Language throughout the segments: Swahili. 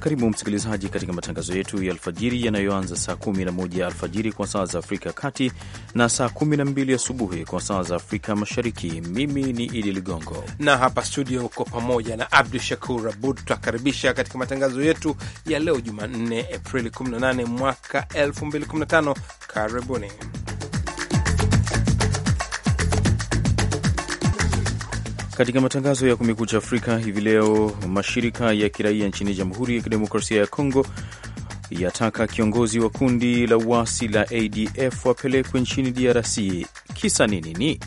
Karibu msikilizaji, katika matangazo yetu ya alfajiri yanayoanza saa 11 alfajiri kwa saa za Afrika ya Kati na saa 12 asubuhi kwa saa za Afrika Mashariki. Mimi ni Idi Ligongo na hapa studio uko pamoja na Abdu Shakur Abud. Tutakaribisha katika matangazo yetu ya leo Jumanne, Aprili 18 mwaka 2015. Karibuni. Katika matangazo ya Kumekucha Afrika hivi leo, mashirika ya kiraia nchini Jamhuri ya Kidemokrasia ya Kongo yataka kiongozi wa kundi la uasi la ADF wapelekwe nchini DRC. Kisa ni nini?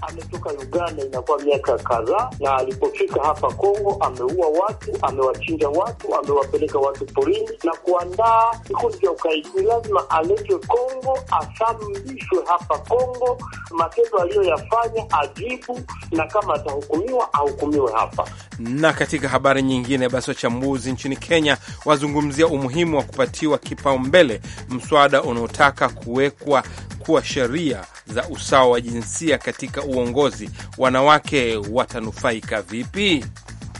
ametoka Uganda inakuwa miaka kadhaa, na alipofika hapa Kongo ameua watu, amewachinja watu, amewapeleka watu porini na kuandaa kikundi cha ukaidi. lazima aletwe Kongo, asambishwe hapa Kongo, matendo aliyoyafanya ajibu, na kama atahukumiwa ahukumiwe hapa. Na katika habari nyingine, basi wachambuzi nchini Kenya wazungumzia umuhimu wa kupatiwa kipaumbele mswada unaotaka kuwekwa kuwa sheria za usawa wa jinsia katika uongozi, wanawake watanufaika vipi?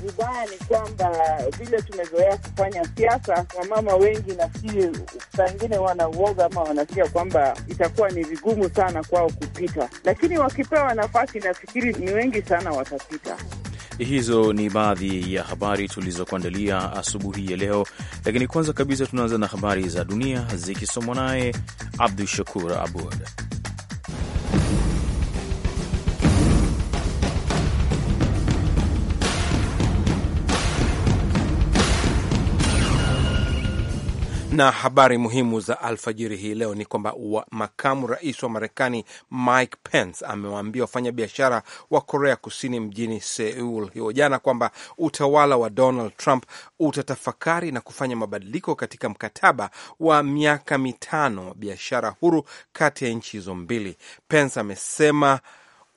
Vibaya ni kwamba vile tumezoea kufanya siasa, wamama wengi nafikiri saa ingine wanauoga ama wanasikia kwamba itakuwa ni vigumu sana kwao kupita, lakini wakipewa nafasi, nafikiri ni wengi sana watapita. Hizo ni baadhi ya habari tulizokuandalia asubuhi ya leo, lakini kwanza kabisa tunaanza na habari za dunia zikisomwa naye Abdu Shakur Abud. Na habari muhimu za alfajiri hii leo ni kwamba makamu rais wa Marekani Mike Pence amewaambia wafanyabiashara wa Korea Kusini mjini Seul hiyo jana kwamba utawala wa Donald Trump utatafakari na kufanya mabadiliko katika mkataba wa miaka mitano wa biashara huru kati ya nchi hizo mbili. Pence amesema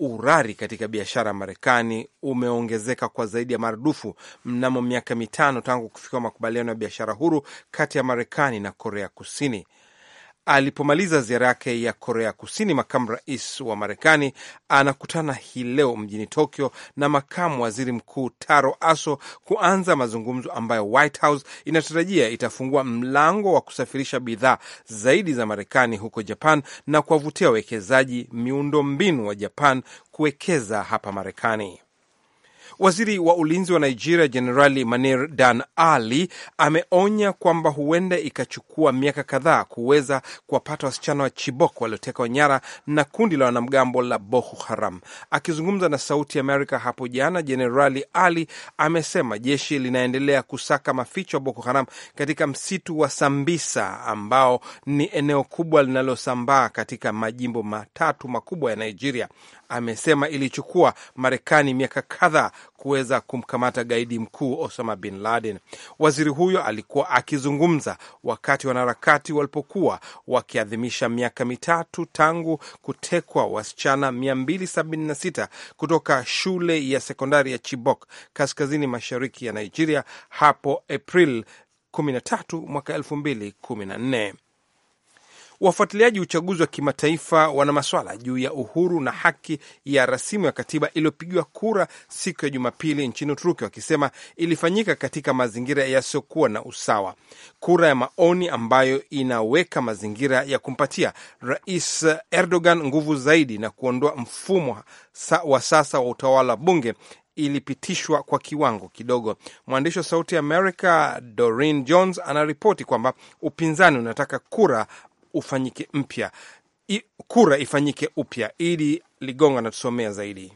urari katika biashara Marekani umeongezeka kwa zaidi ya maradufu mnamo miaka mitano tangu kufikiwa makubaliano ya biashara huru kati ya Marekani na Korea Kusini. Alipomaliza ziara yake ya Korea Kusini, makamu rais wa Marekani anakutana hii leo mjini Tokyo na makamu waziri mkuu Taro Aso kuanza mazungumzo ambayo White House inatarajia itafungua mlango wa kusafirisha bidhaa zaidi za Marekani huko Japan na kuwavutia wawekezaji miundombinu wa Japan kuwekeza hapa Marekani. Waziri wa ulinzi wa Nigeria Jenerali Manir Dan Ali ameonya kwamba huenda ikachukua miaka kadhaa kuweza kuwapata wasichana wa Chibok waliotekwa nyara na kundi la wanamgambo la Boko Haram. Akizungumza na Sauti Amerika hapo jana, Jenerali Ali amesema jeshi linaendelea kusaka maficho ya Boko Haram katika msitu wa Sambisa ambao ni eneo kubwa linalosambaa katika majimbo matatu makubwa ya Nigeria. Amesema ilichukua Marekani miaka kadhaa kuweza kumkamata gaidi mkuu Osama bin Laden. Waziri huyo alikuwa akizungumza wakati wanaharakati walipokuwa wakiadhimisha miaka mitatu tangu kutekwa wasichana 276 kutoka shule ya sekondari ya Chibok kaskazini mashariki ya Nigeria hapo April 13 mwaka 2014. Wafuatiliaji uchaguzi wa kimataifa wana maswala juu ya uhuru na haki ya rasimu ya katiba iliyopigiwa kura siku ya Jumapili nchini Uturuki, wakisema ilifanyika katika mazingira yasiyokuwa na usawa. Kura ya maoni ambayo inaweka mazingira ya kumpatia Rais Erdogan nguvu zaidi na kuondoa mfumo wa sasa wa utawala wa bunge ilipitishwa kwa kiwango kidogo. Mwandishi wa Sauti ya Amerika Doreen Jones anaripoti kwamba upinzani unataka kura ufanyike mpya, kura ifanyike upya. Ili Ligonga natusomea zaidi.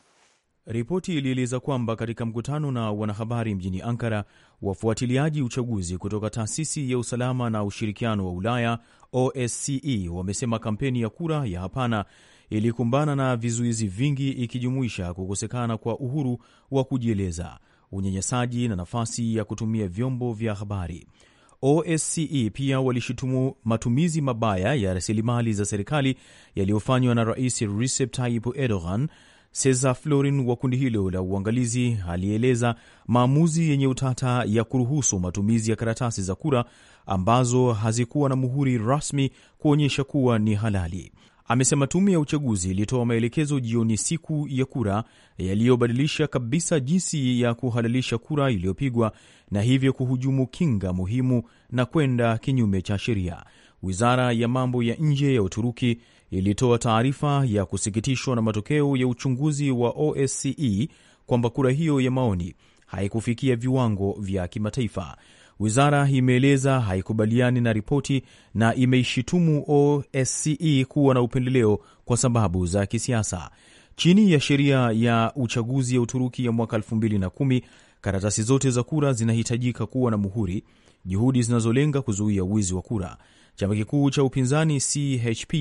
Ripoti ilieleza kwamba katika mkutano na wanahabari mjini Ankara, wafuatiliaji uchaguzi kutoka taasisi ya usalama na ushirikiano wa Ulaya OSCE wamesema kampeni ya kura ya hapana ilikumbana na vizuizi vingi, ikijumuisha kukosekana kwa uhuru wa kujieleza, unyanyasaji na nafasi ya kutumia vyombo vya habari. OSCE pia walishutumu matumizi mabaya ya rasilimali za serikali yaliyofanywa na Rais Recep Tayyip Erdogan. Seza Florin wa kundi hilo la uangalizi alieleza maamuzi yenye utata ya kuruhusu matumizi ya karatasi za kura ambazo hazikuwa na muhuri rasmi kuonyesha kuwa ni halali. Amesema tume ya uchaguzi ilitoa maelekezo jioni siku ya kura yaliyobadilisha kabisa jinsi ya kuhalalisha kura iliyopigwa na hivyo kuhujumu kinga muhimu na kwenda kinyume cha sheria. Wizara ya mambo ya nje ya Uturuki ilitoa taarifa ya kusikitishwa na matokeo ya uchunguzi wa OSCE kwamba kura hiyo ya maoni haikufikia viwango vya kimataifa. Wizara imeeleza haikubaliani na ripoti na imeishitumu OSCE kuwa na upendeleo kwa sababu za kisiasa. Chini ya sheria ya uchaguzi ya Uturuki ya mwaka 2010 karatasi zote za kura zinahitajika kuwa na muhuri, juhudi zinazolenga kuzuia wizi wa kura. Chama kikuu cha upinzani CHP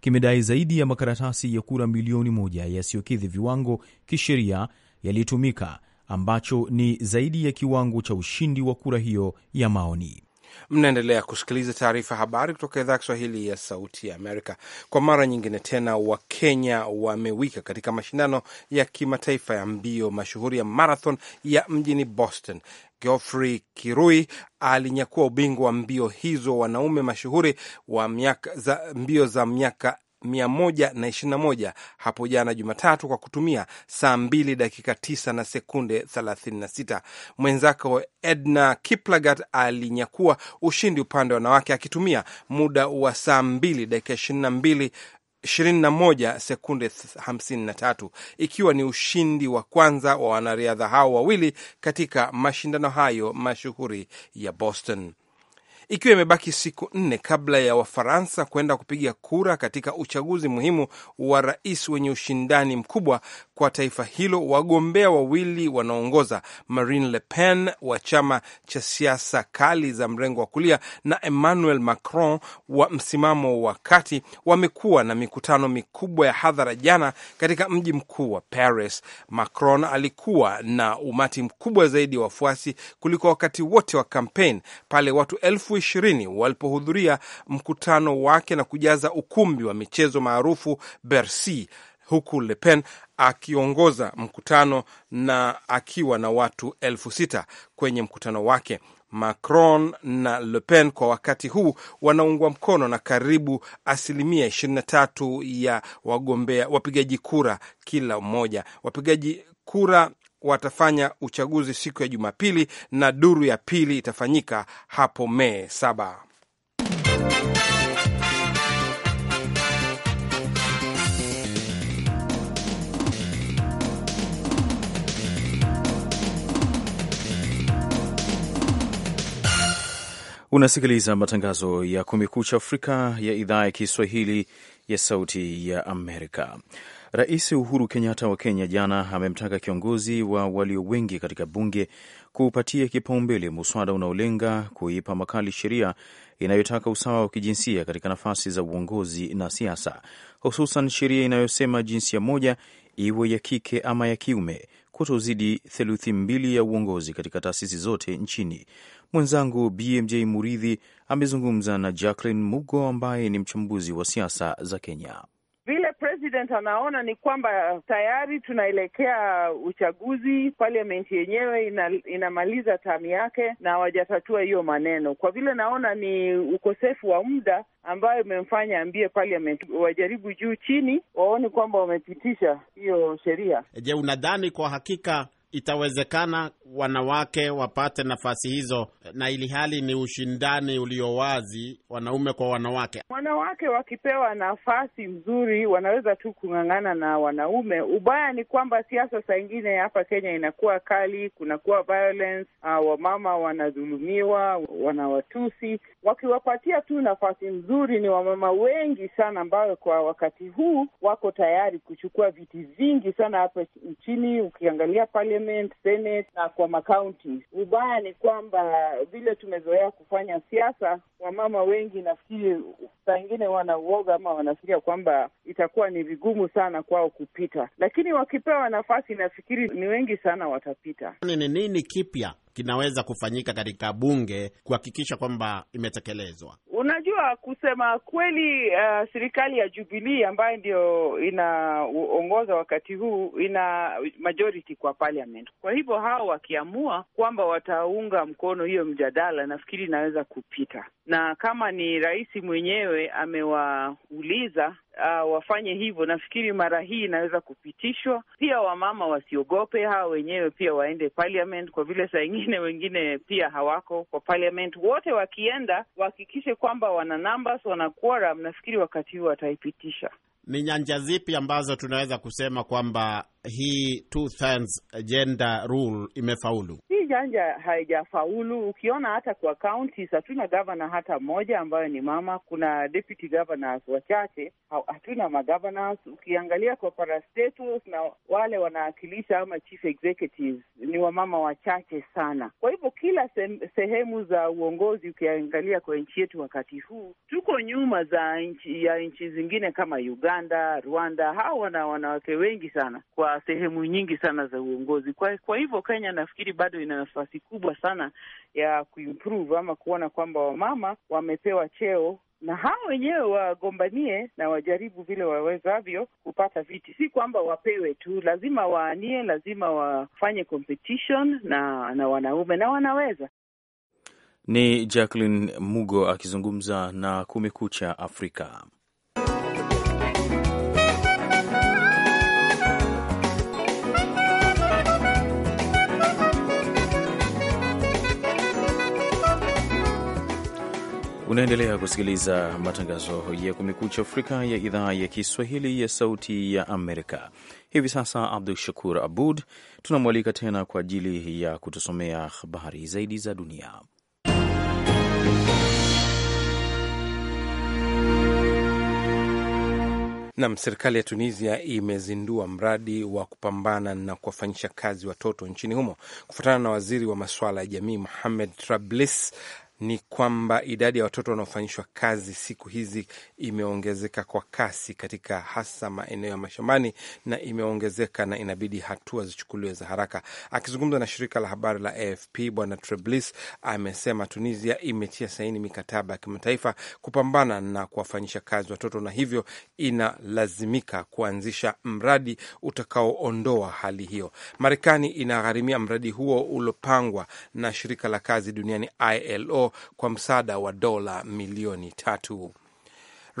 kimedai zaidi ya makaratasi ya kura milioni moja yasiyokidhi viwango kisheria yalitumika ambacho ni zaidi ya kiwango cha ushindi wa kura hiyo ya maoni. Mnaendelea kusikiliza taarifa habari kutoka idhaa ya Kiswahili ya Sauti ya Amerika. Kwa mara nyingine tena, Wakenya wamewika katika mashindano ya kimataifa ya mbio mashuhuri ya marathon ya mjini Boston. Geoffrey Kirui alinyakua ubingwa wa mbio hizo wanaume mashuhuri wa miaka za mbio za miaka 121 hapo jana Jumatatu kwa kutumia saa 2 dakika 9 na sekunde 36. Mwenzako Edna Kiplagat alinyakua ushindi upande wa wanawake akitumia muda wa saa 2 dakika 22 21 sekunde 53 ikiwa ni ushindi wa kwanza wa wanariadha hao wawili katika mashindano hayo mashuhuri ya Boston ikiwa imebaki siku nne kabla ya Wafaransa kwenda kupiga kura katika uchaguzi muhimu wa rais wenye ushindani mkubwa kwa taifa hilo. Wagombea wawili wanaongoza, Marine Le Pen wa chama cha siasa kali za mrengo wa kulia na Emmanuel Macron wa msimamo wa kati, wamekuwa na mikutano mikubwa ya hadhara jana katika mji mkuu wa Paris. Macron alikuwa na umati mkubwa zaidi ya wafuasi kuliko wakati wote wa kampeni pale watu elfu ishirini walipohudhuria mkutano wake na kujaza ukumbi wa michezo maarufu Bercy huku Le Pen akiongoza mkutano na akiwa na watu elfu sita kwenye mkutano wake. Macron na Le Pen kwa wakati huu wanaungwa mkono na karibu asilimia tatu ya wagombea wapigaji kura kila mmoja. Wapigaji kura watafanya uchaguzi siku ya Jumapili na duru ya pili itafanyika hapo Mei saba. Unasikiliza matangazo ya Kumekucha Afrika ya idhaa ya Kiswahili ya Sauti ya Amerika. Rais Uhuru Kenyatta wa Kenya jana amemtaka kiongozi wa walio wengi katika bunge kuupatia kipaumbele muswada unaolenga kuipa makali sheria inayotaka usawa wa kijinsia katika nafasi za uongozi na siasa, hususan sheria inayosema jinsia moja iwe ya kike ama ya kiume kutozidi theluthi mbili ya uongozi katika taasisi zote nchini. Mwenzangu BMJ Muridhi amezungumza na Jacqueline Mugo ambaye ni mchambuzi wa siasa za Kenya president anaona ni kwamba tayari tunaelekea uchaguzi, parliament yenyewe ina, inamaliza tamu yake na hawajatatua hiyo maneno. Kwa vile naona ni ukosefu wa muda ambayo imemfanya ambie parliament wajaribu juu chini waone kwamba wamepitisha hiyo sheria. Je, unadhani kwa hakika itawezekana wanawake wapate nafasi hizo, na ili hali ni ushindani ulio wazi, wanaume kwa wanawake. Wanawake wakipewa nafasi nzuri, wanaweza tu kung'ang'ana na wanaume. Ubaya ni kwamba siasa saa ingine hapa Kenya inakuwa kali, kunakuwa violence, ah, wamama wanadhulumiwa, wanawatusi. Wakiwapatia tu nafasi nzuri, ni wamama wengi sana ambayo kwa wakati huu wako tayari kuchukua viti vingi sana hapa nchini. Ukiangalia pale parliament, senate na kwa makaunti. Ubaya ni kwamba vile tumezoea kufanya siasa, wamama wengi nafikiri saa ingine wanauoga ama wanafikiria kwamba itakuwa ni vigumu sana kwao kupita, lakini wakipewa nafasi nafikiri ni wengi sana watapita. Ni nini kipya kinaweza kufanyika katika bunge kuhakikisha kwamba imetekelezwa? Unajua, kusema kweli, uh, serikali ya jubilii ambayo ndio inaongoza wakati huu ina majority kwa parliament. Kwa hivyo hao wakiamua kwamba wataunga mkono hiyo mjadala, nafikiri inaweza kupita, na kama ni rais mwenyewe amewauliza uh, wafanye hivyo. Nafikiri mara hii inaweza kupitishwa. Pia wamama wasiogope, hawa wenyewe pia waende parliament, kwa vile saa ingine wengine pia hawako kwa parliament. Wote wakienda wahakikishe kwamba wana numbers, wana quorum. Nafikiri wakati huo wataipitisha ni nyanja zipi ambazo tunaweza kusema kwamba hii two thirds gender rule imefaulu? Hii nyanja haijafaulu. Ukiona hata kwa kaunti hatuna gavana hata mmoja ambayo ni mama. Kuna deputy governors wachache, hatuna magovernors. Ukiangalia kwa parastatus na wale wanawakilisha ama chief executives ni wamama wachache sana. Kwa hivyo kila sehemu za uongozi ukiangalia kwa nchi yetu wakati huu tuko nyuma za nchi, ya nchi zingine kama Uganda Uganda, Rwanda, hawa wana wanawake wengi sana kwa sehemu nyingi sana za uongozi. Kwa, kwa hivyo Kenya nafikiri bado ina nafasi kubwa sana ya kuimprove ama kuona kwamba wamama wamepewa cheo na hao wenyewe wagombanie na wajaribu vile wawezavyo kupata viti. Si kwamba wapewe tu, lazima waanie, lazima wafanye competition na na wanaume na wanaweza. Ni Jacqueline Mugo akizungumza na Kumekucha Afrika. Unaendelea kusikiliza matangazo ya Kumekucha Afrika ya idhaa ya Kiswahili ya Sauti ya Amerika. Hivi sasa, Abdu Shakur Abud tunamwalika tena kwa ajili ya kutusomea habari zaidi za dunia. Nam, serikali ya Tunisia imezindua mradi wa kupambana na kuwafanyisha kazi watoto nchini humo, kufuatana na waziri wa masuala ya jamii Muhamed Trablis ni kwamba idadi ya watoto wanaofanyishwa kazi siku hizi imeongezeka kwa kasi katika hasa maeneo ya mashambani na imeongezeka na inabidi hatua zichukuliwe za haraka. Akizungumza na shirika la habari la AFP, Bwana Treblis amesema Tunisia imetia saini mikataba ya kimataifa kupambana na kuwafanyisha kazi watoto na hivyo inalazimika kuanzisha mradi utakaoondoa hali hiyo. Marekani inagharimia mradi huo uliopangwa na shirika la kazi duniani ILO kwa msaada wa dola milioni tatu.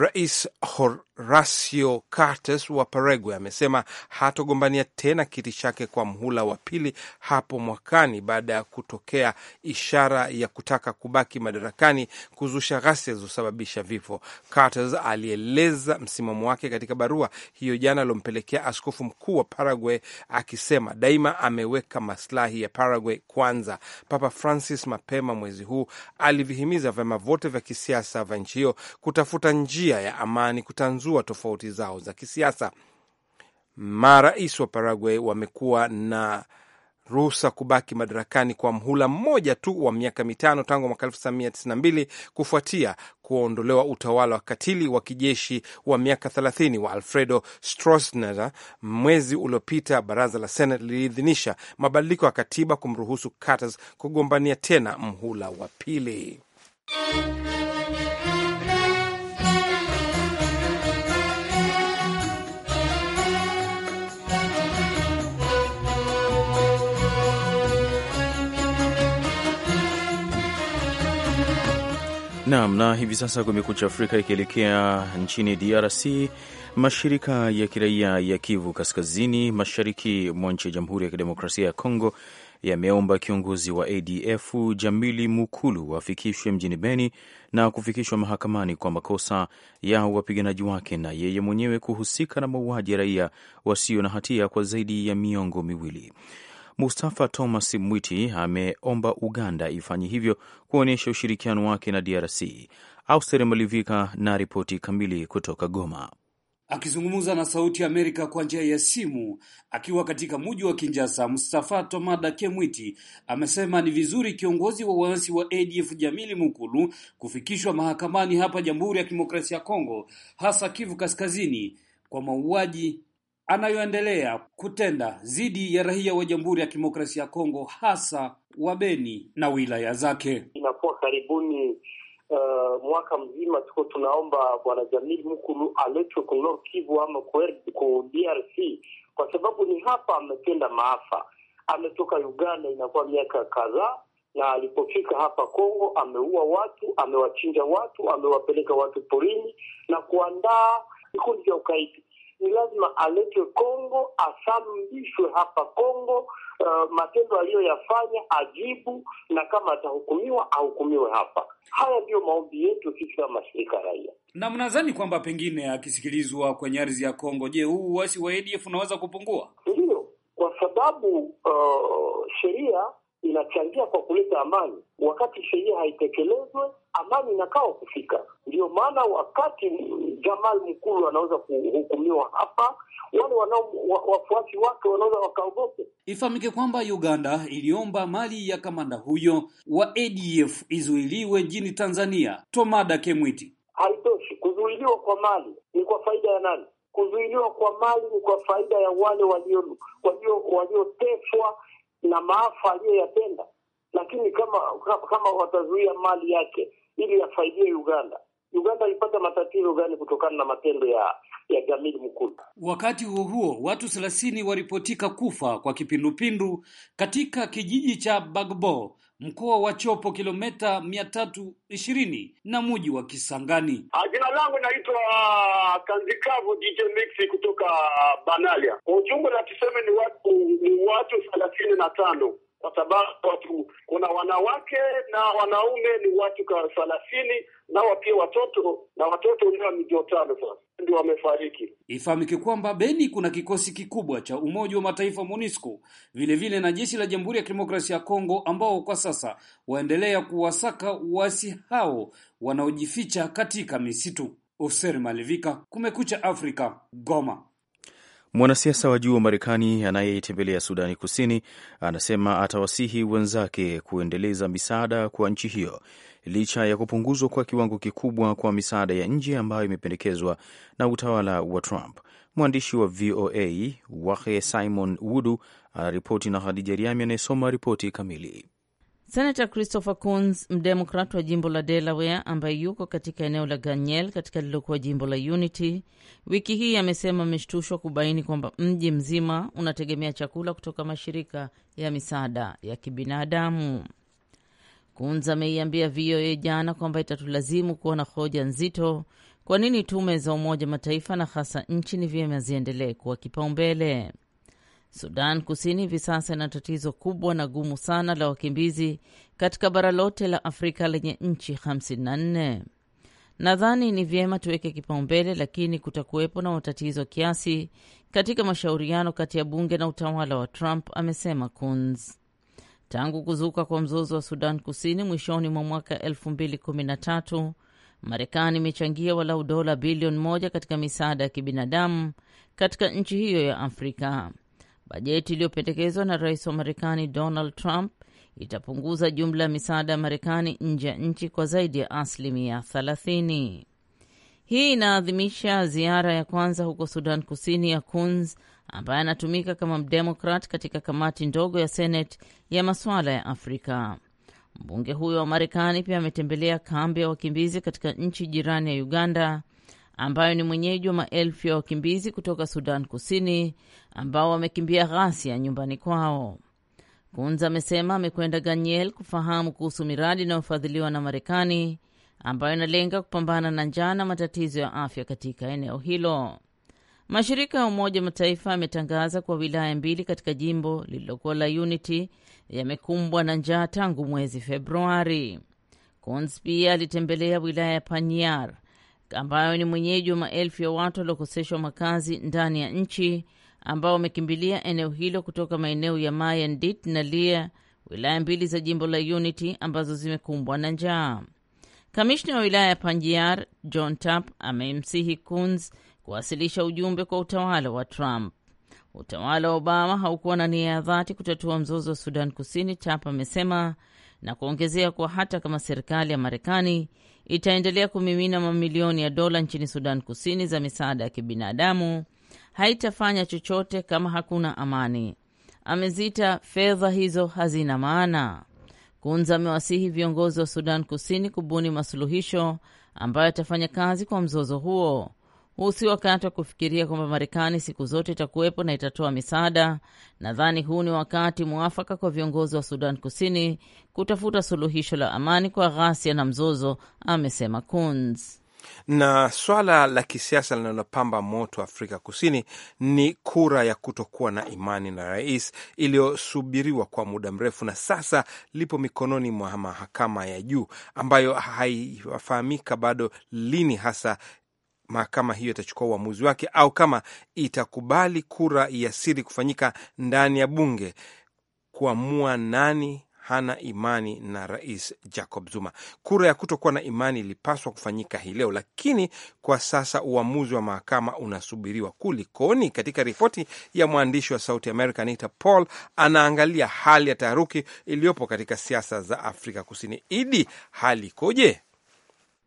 Rais Horacio Cartes wa Paraguay amesema hatogombania tena kiti chake kwa mhula wa pili hapo mwakani baada ya kutokea ishara ya kutaka kubaki madarakani kuzusha ghasia zilizosababisha vifo. Cartes alieleza msimamo wake katika barua hiyo jana aliompelekea askofu mkuu wa Paraguay akisema daima ameweka maslahi ya Paraguay kwanza. Papa Francis mapema mwezi huu alivihimiza vyama vyote vya kisiasa vya nchi hiyo kutafuta njia njia ya amani kutanzua tofauti zao za kisiasa. Marais wa Paraguay wamekuwa na ruhusa kubaki madarakani kwa mhula mmoja tu wa miaka mitano tangu mwaka 1992 kufuatia kuondolewa utawala wa katili wa kijeshi wa miaka 30 wa Alfredo Stroessner. Mwezi uliopita baraza la Senate liliidhinisha mabadiliko ya katiba kumruhusu Carter kugombania tena mhula wa pili. Naam, na hivi sasa Kumekucha Afrika ikielekea nchini DRC. Mashirika ya kiraia ya Kivu Kaskazini, mashariki mwa nchi ya Jamhuri ya Kidemokrasia ya Kongo yameomba kiongozi wa ADF Jamili Mukulu afikishwe mjini Beni na kufikishwa mahakamani kwa makosa ya wapiganaji wake na yeye mwenyewe kuhusika na mauaji ya raia wasio na hatia kwa zaidi ya miongo miwili. Mustafa Thomas Mwiti ameomba Uganda ifanye hivyo kuonyesha ushirikiano wake na DRC. Auster Malivika na ripoti kamili kutoka Goma. Akizungumza na Sauti ya Amerika kwa njia ya simu akiwa katika muji wa kinjasa Mustafa Tomada Kemwiti amesema ni vizuri kiongozi wa waasi wa ADF Jamili Mukulu kufikishwa mahakamani hapa Jamhuri ya Kidemokrasia ya Kongo, hasa Kivu Kaskazini, kwa mauaji anayoendelea kutenda dhidi ya raia wa Jamhuri ya Kidemokrasia ya Kongo, hasa wa Beni na wilaya zake. Inakuwa karibuni uh, mwaka mzima tuko tunaomba Bwana Jamil Mukulu aletwe ku Nord Kivu ama ku DRC kwa sababu ni hapa ametenda maafa. Ametoka Uganda inakuwa miaka kadhaa na alipofika hapa Kongo ameua watu, amewachinja watu, amewapeleka watu porini na kuandaa vikundi vya ukaidi ni lazima alete Kongo, asambishwe hapa Kongo, uh, matendo aliyoyafanya ajibu, na kama atahukumiwa ahukumiwe hapa. Haya ndiyo maombi yetu sisi kama mashirika raia. Na mnadhani kwamba pengine akisikilizwa kwenye ardhi ya Kongo, je, huu uasi wa ADF unaweza kupungua? Ndiyo, kwa sababu uh, sheria inachangia kwa kuleta amani. Wakati sheria haitekelezwe, amani inakawa kufika. ndio maana wakati Jamal Mkulu anaweza kuhukumiwa hapa, wale wanao wafuasi wake wanaweza wakaogope. Ifahamike kwamba Uganda iliomba mali ya kamanda huyo wa ADF izuiliwe nchini Tanzania. Tomada Kemwiti, haitoshi kuzuiliwa kwa mali, ni kwa faida ya nani? Kuzuiliwa kwa mali ni kwa faida ya wale walio walioteswa na maafa aliyoyatenda, lakini kama kama watazuia mali yake ili yafaidie Uganda, Uganda ilipata matatizo gani kutokana na matendo ya ya Jamil Mukulu? Wakati huo huo, watu thelathini waripotika kufa kwa kipindupindu katika kijiji cha Bagbo mkoa wa Chopo, kilomita mia tatu ishirini na muji wa Kisangani. Ah, jina langu naitwa ah, Kanzikavu DJ Mix kutoka ah, Banalia. Kwa ujumla tuseme ni watu ni watu thelathini na tano kwa sababu watu kuna wanawake na wanaume ni watu ka thelathini nao pia watoto na watoto leo ni tano sasa ndio wamefariki. Ifahamike kwamba Beni kuna kikosi kikubwa cha Umoja wa Mataifa MONUSCO vilevile na jeshi la Jamhuri ya Kidemokrasia ya Kongo ambao kwa sasa waendelea kuwasaka wasi hao wanaojificha katika misitu. oser Malivika, Kumekucha Afrika, Goma. Mwanasiasa wa juu wa Marekani anayeitembelea Sudani Kusini anasema atawasihi wenzake kuendeleza misaada kwa nchi hiyo licha ya kupunguzwa kwa kiwango kikubwa kwa misaada ya nje ambayo imependekezwa na utawala wa Trump. Mwandishi wa VOA Wahe Simon Wudu anaripoti na Hadija Riami anayesoma ripoti kamili. Senata Christopher Coons, mdemokrat wa jimbo la Delaware ambaye yuko katika eneo la Ganiel katika lililokuwa jimbo la Unity, wiki hii amesema ameshtushwa kubaini kwamba mji mzima unategemea chakula kutoka mashirika ya misaada ya kibinadamu. Coons ameiambia VOA jana kwamba itatulazimu kuwa na hoja nzito kwa nini tume za Umoja Mataifa na hasa nchi ni vyema ziendelee kuwa kipaumbele. Sudan Kusini hivi sasa ina tatizo kubwa na gumu sana la wakimbizi katika bara lote la Afrika lenye nchi 54. Nadhani ni vyema tuweke kipaumbele, lakini kutakuwepo na matatizo kiasi katika mashauriano kati ya bunge na utawala wa Trump, amesema Coons. Tangu kuzuka kwa mzozo wa Sudan Kusini mwishoni mwa mwaka 2013 Marekani imechangia walau dola bilioni moja katika misaada ya kibinadamu katika nchi hiyo ya Afrika. Bajeti iliyopendekezwa na rais wa Marekani Donald Trump itapunguza jumla ya misaada ya Marekani nje ya nchi kwa zaidi ya asilimia 30. Hii inaadhimisha ziara ya kwanza huko Sudan Kusini ya Kunz ambaye anatumika kama Mdemokrat katika kamati ndogo ya Senate ya masuala ya Afrika. Mbunge huyo wa Marekani pia ametembelea kambi ya wakimbizi katika nchi jirani ya Uganda ambayo ni mwenyeji wa maelfu ya wakimbizi kutoka Sudan Kusini ambao wamekimbia ghasia nyumbani kwao. Kunza amesema amekwenda Ganiel kufahamu kuhusu miradi inayofadhiliwa na, na Marekani ambayo inalenga kupambana na njaa na matatizo ya afya katika eneo hilo. Mashirika ya Umoja Mataifa yametangaza kuwa wilaya mbili katika jimbo lililokuwa la Unity yamekumbwa na njaa tangu mwezi Februari. Kunz pia alitembelea wilaya ya Panyar ambayo ni mwenyeji wa maelfu ya watu waliokoseshwa makazi ndani ya nchi ambao wamekimbilia eneo hilo kutoka maeneo ya Mayandit na Lia, wilaya mbili za jimbo la Unity ambazo zimekumbwa na njaa. Kamishna wa wilaya ya Panjiar John Tap amemsihi kuns kuwasilisha ujumbe kwa utawala wa Trump. Utawala wa Obama haukuwa na nia ya dhati kutatua mzozo wa Sudan Kusini, Tap amesema na kuongezea kuwa hata kama serikali ya Marekani itaendelea kumimina mamilioni ya dola nchini Sudan Kusini za misaada ya kibinadamu, haitafanya chochote kama hakuna amani. Amezita fedha hizo hazina maana. Kunza amewasihi viongozi wa Sudan Kusini kubuni masuluhisho ambayo yatafanya kazi kwa mzozo huo huu si wakati wa kufikiria kwamba Marekani siku zote itakuwepo na itatoa misaada. Nadhani huu ni wakati mwafaka kwa viongozi wa Sudan Kusini kutafuta suluhisho la amani kwa ghasia na mzozo, amesema Coons. Na swala la kisiasa linalopamba moto Afrika Kusini ni kura ya kutokuwa na imani na rais iliyosubiriwa kwa muda mrefu na sasa lipo mikononi mwa mahakama ya juu ambayo haifahamika bado lini hasa mahakama hiyo itachukua uamuzi wake au kama itakubali kura ya siri kufanyika ndani ya bunge kuamua nani hana imani na rais Jacob Zuma. Kura ya kutokuwa na imani ilipaswa kufanyika hii leo, lakini kwa sasa uamuzi wa mahakama unasubiriwa. Kulikoni? Katika ripoti ya mwandishi wa Sauti Amerika Anita Paul anaangalia hali ya taharuki iliyopo katika siasa za Afrika Kusini. Idi, hali ikoje?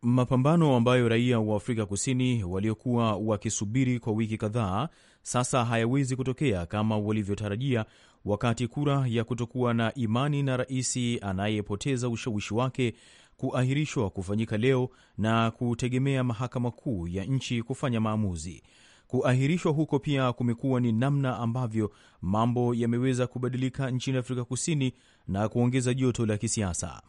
Mapambano ambayo raia wa Afrika Kusini waliokuwa wakisubiri kwa wiki kadhaa sasa hayawezi kutokea kama walivyotarajia, wakati kura ya kutokuwa na imani na rais anayepoteza ushawishi wake kuahirishwa kufanyika leo na kutegemea mahakama kuu ya nchi kufanya maamuzi. Kuahirishwa huko pia kumekuwa ni namna ambavyo mambo yameweza kubadilika nchini Afrika Kusini na kuongeza joto la kisiasa.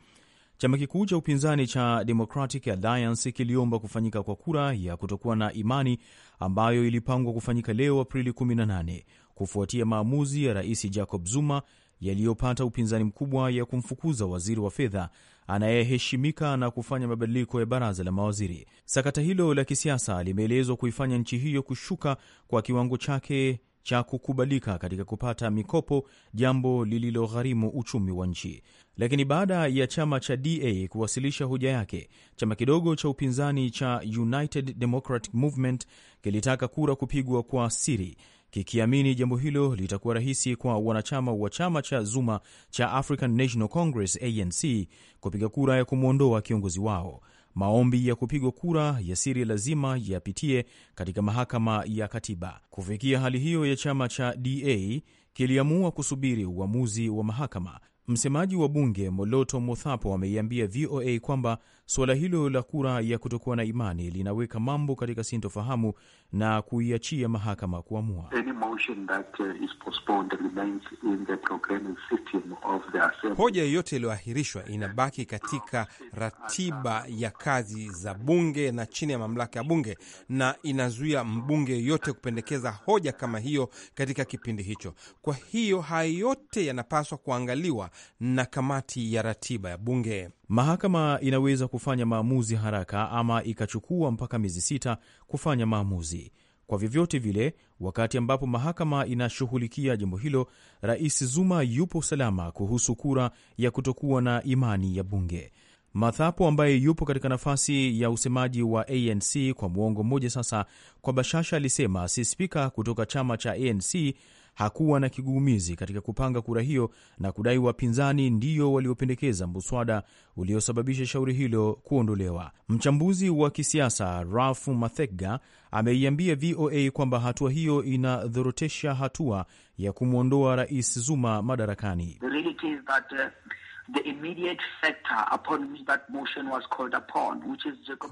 Chama kikuu cha upinzani cha Democratic Alliance kiliomba kufanyika kwa kura ya kutokuwa na imani ambayo ilipangwa kufanyika leo Aprili 18 kufuatia maamuzi ya Rais Jacob Zuma yaliyopata upinzani mkubwa ya kumfukuza waziri wa fedha anayeheshimika na kufanya mabadiliko ya baraza la mawaziri. Sakata hilo la kisiasa limeelezwa kuifanya nchi hiyo kushuka kwa kiwango chake cha kukubalika katika kupata mikopo, jambo lililogharimu uchumi wa nchi. Lakini baada ya chama cha DA kuwasilisha hoja yake, chama kidogo cha upinzani cha United Democratic Movement kilitaka kura kupigwa kwa siri kikiamini jambo hilo litakuwa rahisi kwa wanachama wa chama cha Zuma cha African National Congress ANC kupiga kura ya kumwondoa kiongozi wao. Maombi ya kupigwa kura ya siri lazima yapitie katika mahakama ya katiba. Kufikia hali hiyo ya chama cha DA kiliamua kusubiri uamuzi wa mahakama. Msemaji wa bunge Moloto Mothapo ameiambia VOA kwamba suala hilo la kura ya kutokuwa na imani linaweka mambo katika sintofahamu na kuiachia mahakama kuamua. Any motion that uh, is postponed remains in the programming system of Hoja yoyote iliyoahirishwa inabaki katika ratiba ya kazi za bunge na chini ya mamlaka ya bunge, na inazuia mbunge yoyote kupendekeza hoja kama hiyo katika kipindi hicho. Kwa hiyo haya yote yanapaswa kuangaliwa na kamati ya ratiba ya bunge. Mahakama inaweza kufanya maamuzi haraka ama ikachukua mpaka miezi sita kufanya maamuzi. Kwa vyovyote vile, wakati ambapo mahakama inashughulikia jambo hilo, Rais Zuma yupo salama kuhusu kura ya kutokuwa na imani ya bunge. Mathapo ambaye yupo katika nafasi ya usemaji wa ANC kwa muongo mmoja sasa, kwa bashasha alisema si spika kutoka chama cha ANC hakuwa na kigugumizi katika kupanga kura hiyo na kudai wapinzani ndiyo waliopendekeza mswada uliosababisha shauri hilo kuondolewa. Mchambuzi wa kisiasa Ralph Mathega ameiambia VOA kwamba hatua hiyo inadhorotesha hatua ya kumwondoa Rais Zuma madarakani. The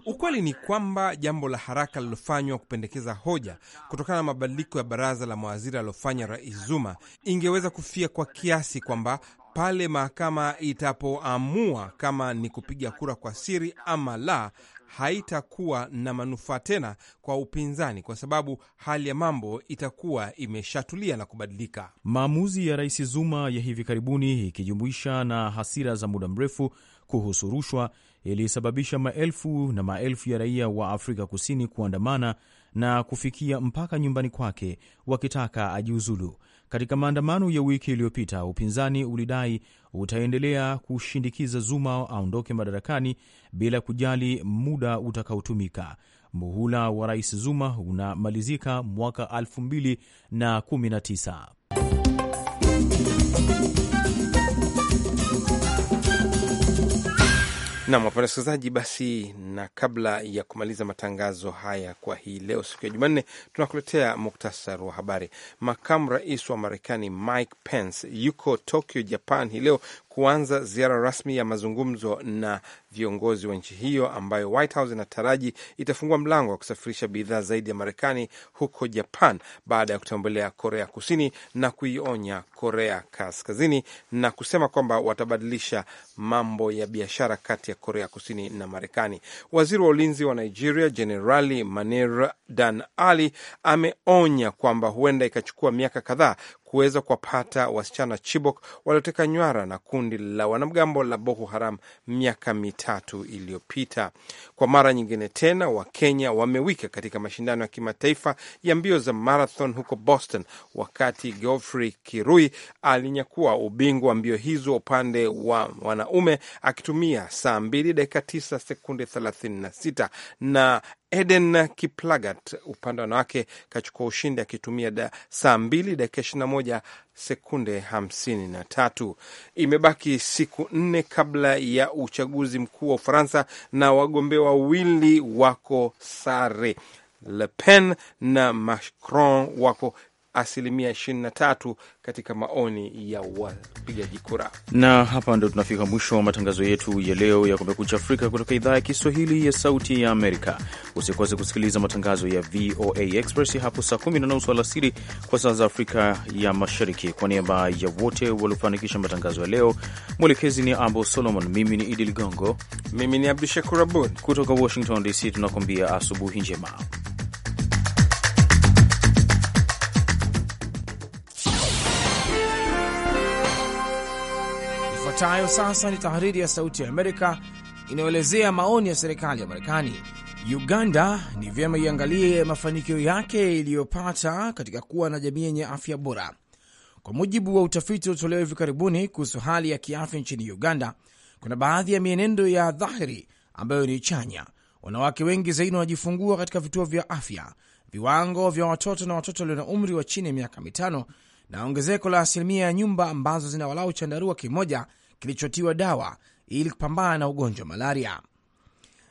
Ukweli ni kwamba jambo la haraka lilofanywa kupendekeza hoja kutokana na mabadiliko ya baraza la mawaziri aliofanya Rais Zuma ingeweza kufia kwa kiasi kwamba pale mahakama itapoamua kama ni kupiga kura kwa siri ama la, haitakuwa na manufaa tena kwa upinzani, kwa sababu hali ya mambo itakuwa imeshatulia na kubadilika. Maamuzi ya Rais Zuma ya hivi karibuni, ikijumuisha na hasira za muda mrefu kuhusu rushwa, ilisababisha maelfu na maelfu ya raia wa Afrika Kusini kuandamana na kufikia mpaka nyumbani kwake wakitaka ajiuzulu. Katika maandamano ya wiki iliyopita, upinzani ulidai utaendelea kushindikiza Zuma aondoke madarakani bila kujali muda utakaotumika. Muhula wa Rais Zuma unamalizika mwaka 2019. Nam wapenda wasikilizaji, basi na kabla ya kumaliza matangazo haya kwa hii leo, siku ya Jumanne, tunakuletea muktasari wa habari. Makamu rais wa Marekani Mike Pence yuko Tokyo, Japan hii leo kuanza ziara rasmi ya mazungumzo na viongozi wa nchi hiyo ambayo White House inataraji itafungua mlango wa kusafirisha bidhaa zaidi ya Marekani huko Japan baada ya kutembelea Korea Kusini na kuionya Korea Kaskazini na kusema kwamba watabadilisha mambo ya biashara kati ya Korea Kusini na Marekani. Waziri wa ulinzi wa Nigeria Jenerali Manir Dan Ali ameonya kwamba huenda ikachukua miaka kadhaa kuweza kuwapata wasichana Chibok walioteka nywara na kundi la wanamgambo la Boko Haram miaka mitatu iliyopita. Kwa mara nyingine tena, Wakenya wamewika katika mashindano ya kimataifa ya mbio za marathon huko Boston, wakati Geoffrey Kirui alinyakua ubingwa wa mbio hizo upande wa wanaume akitumia saa 2 dakika 9 sekunde 36 na Eden Kiplagat upande wa wanawake kachukua ushindi akitumia da, saa mbili dakika ishirini na moja sekunde hamsini na tatu. Imebaki siku nne kabla ya uchaguzi mkuu wa Ufaransa na wagombea wawili wako sare. Le Pen na Macron wako asilimia 23 katika maoni ya wapigaji kura. Na hapa ndo tunafika mwisho wa matangazo yetu ya leo ya Kumekucha Afrika kutoka idhaa ya Kiswahili ya Sauti ya Amerika. Usikose kusikiliza matangazo ya VOA Express hapo saa kumi na nusu alasiri kwa saa za Afrika ya Mashariki. Kwa niaba ya wote waliofanikisha matangazo ya leo, mwelekezi ni Ambo Solomon, mimi ni Idi Ligongo, mimi ni Abdu Shakur Abud kutoka Washington DC, tunakuambia asubuhi njema. Ifuatayo sasa ni tahariri ya Sauti ya Amerika inayoelezea maoni ya serikali ya Marekani. Uganda ni vyema iangalie mafanikio yake iliyopata katika kuwa na jamii yenye afya bora. Kwa mujibu wa utafiti uliotolewa hivi karibuni kuhusu hali ya kiafya nchini Uganda, kuna baadhi ya mienendo ya dhahiri ambayo ni chanya. Wanawake wengi zaidi wanajifungua katika vituo vya afya, viwango vya watoto na watoto walio na umri wa chini ya miaka mitano, na ongezeko la asilimia ya nyumba ambazo zina walau chandarua kimoja kilichotiwa dawa ili kupambana na ugonjwa wa malaria.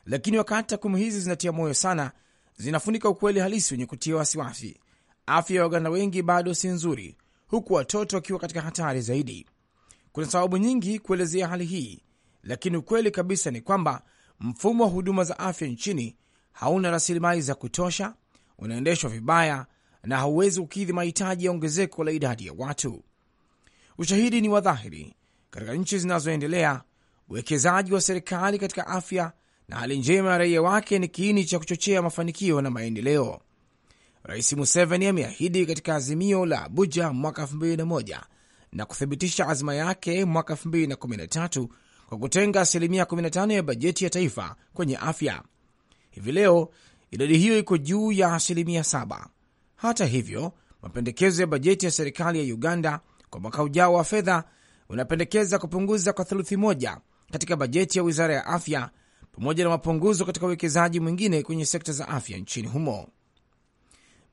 Lakini wakati takwimu hizi zinatia moyo sana, zinafunika ukweli halisi wenye kutia wasiwasi. Afya ya Waganda wengi bado si nzuri, huku watoto wakiwa katika hatari zaidi. Kuna sababu nyingi kuelezea hali hii, lakini ukweli kabisa ni kwamba mfumo wa huduma za afya nchini hauna rasilimali za kutosha, unaendeshwa vibaya na hauwezi kukidhi mahitaji ya ongezeko la idadi ya watu. Ushahidi ni wa dhahiri katika nchi zinazoendelea, uwekezaji wa serikali katika afya na hali njema ya raia wake ni kiini cha kuchochea mafanikio na maendeleo. Rais Museveni ameahidi katika azimio la Abuja mwaka 2001 na kuthibitisha azma yake mwaka 2013 kwa kutenga asilimia 15 ya bajeti ya taifa kwenye afya. Hivi leo idadi hiyo iko juu ya asilimia saba. Hata hivyo, mapendekezo ya bajeti ya serikali ya Uganda kwa mwaka ujao wa fedha unapendekeza kupunguza kwa theluthi moja katika bajeti ya wizara ya afya pamoja na mapunguzo katika uwekezaji mwingine kwenye sekta za afya nchini humo.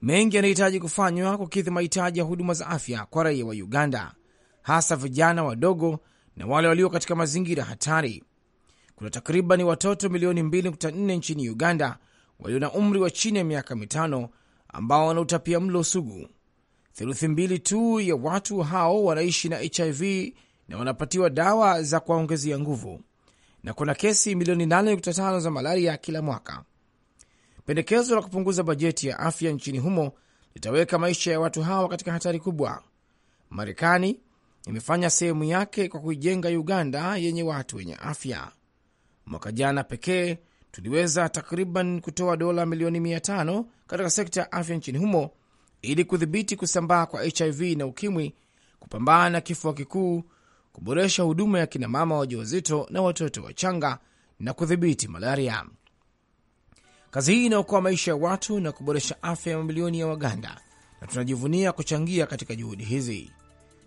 Mengi yanahitaji kufanywa kukidhi mahitaji ya huduma za afya kwa raia wa Uganda, hasa vijana wadogo na wale walio katika mazingira hatari. Kuna takriban watoto milioni 2.4 nchini Uganda walio na umri wa chini ya miaka mitano ambao wana utapia mlo sugu. Theluthi mbili tu ya watu hao wanaishi na HIV na wanapatiwa dawa za kuwaongezea nguvu, na kuna kesi milioni 8.5 za malaria kila mwaka. Pendekezo la kupunguza bajeti ya afya nchini humo litaweka maisha ya watu hawa katika hatari kubwa. Marekani imefanya sehemu yake kwa kuijenga Uganda yenye watu wenye afya. Mwaka jana pekee tuliweza takriban kutoa dola milioni 5 katika sekta ya afya nchini humo ili kudhibiti kusambaa kwa HIV na UKIMWI, kupambana na kifua kikuu kuboresha huduma ya kinamama wajawazito na watoto wachanga na kudhibiti malaria. Kazi hii inaokoa maisha ya watu na kuboresha afya ya mamilioni ya Waganda, na tunajivunia kuchangia katika juhudi hizi.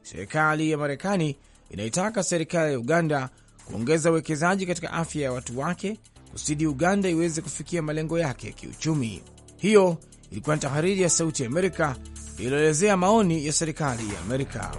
Serikali ya Marekani inaitaka serikali ya Uganda kuongeza uwekezaji katika afya ya watu wake kusudi Uganda iweze kufikia malengo yake ya kiuchumi. Hiyo ilikuwa ni tahariri ya Sauti ya Amerika iliyoelezea maoni ya serikali ya Amerika.